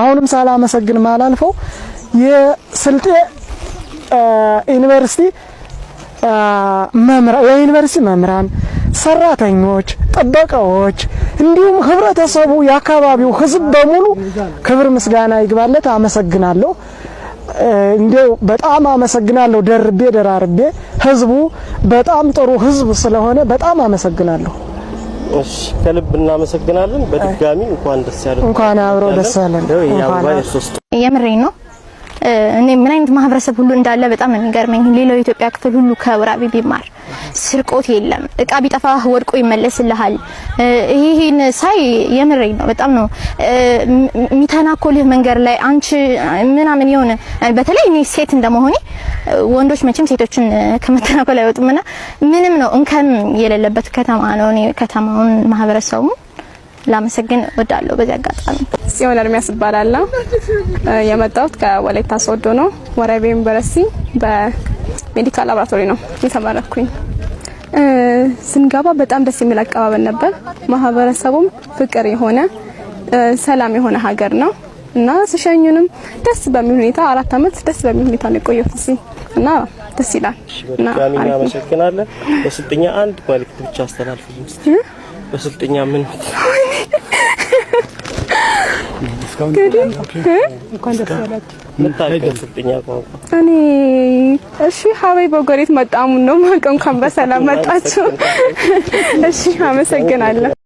አሁንም ሳላመሰግን ማላልፈው የስልጤ ዩኒቨርሲቲ መምህራን የዩኒቨርሲቲ መምህራን፣ ሰራተኞች፣ ጥበቃዎች እንዲሁም ህብረተሰቡ፣ የአካባቢው ህዝብ በሙሉ ክብር ምስጋና ይግባለት። አመሰግናለሁ። እንዲው በጣም አመሰግናለሁ። ደርቤ ደራርቤ ህዝቡ በጣም ጥሩ ህዝብ ስለሆነ በጣም አመሰግናለሁ። እሺ፣ ከልብ እናመሰግናለን። በድጋሚ እንኳን ደስ ያለው። እንኳን አብሮ ደስ ያለን። የምሬ ነው። እኔ ምን አይነት ማህበረሰብ ሁሉ እንዳለ በጣም የሚገርመኝ፣ ሌላው የኢትዮጵያ ክፍል ሁሉ ከወራቢ ቢማር ስርቆት የለም። እቃ ቢጠፋ ወድቆ ይመለስልሃል። ይሄን ሳይ የምረኝ ነው። በጣም ነው የሚተናኮልህ መንገድ ላይ አንቺ ምናምን የሆነ በተለይ እኔ ሴት እንደመሆኔ ወንዶች መቼም ሴቶችን ከመተናኮል አይወጡምና ምንም ነው እንከን የሌለበት ከተማ ነው። እኔ ከተማውን ማህበረሰቡ ላመሰግን እወዳለሁ በዚህ አጋጣሚ። ጽዮን እርሚያስ እባላለሁ። የመጣሁት ከወላይታ ሶዶ ነው። ወራቤ ዩኒቨርሲቲ በሜዲካል ላቦራቶሪ ነው የተመረኩኝ። ስንገባ በጣም ደስ የሚል አቀባበል ነበር። ማህበረሰቡም ፍቅር የሆነ ሰላም የሆነ ሀገር ነው እና ሲሸኙንም ደስ በሚል ሁኔታ አራት አመት ደስ በሚል ሁኔታ ነው የቆየሁት እዚህ እና ደስ ይላል። እና አመሰግናለሁ። በስልጠኛ አንድ መልዕክት ብቻ አስተላልፉልኝ። በስልጠኛ ምን እኔ እሺ፣ ሀበይ በጎሬት መጣሙን ነው ማቀም እንኳን ሰላም መጣችሁ። እሺ፣ አመሰግናለሁ።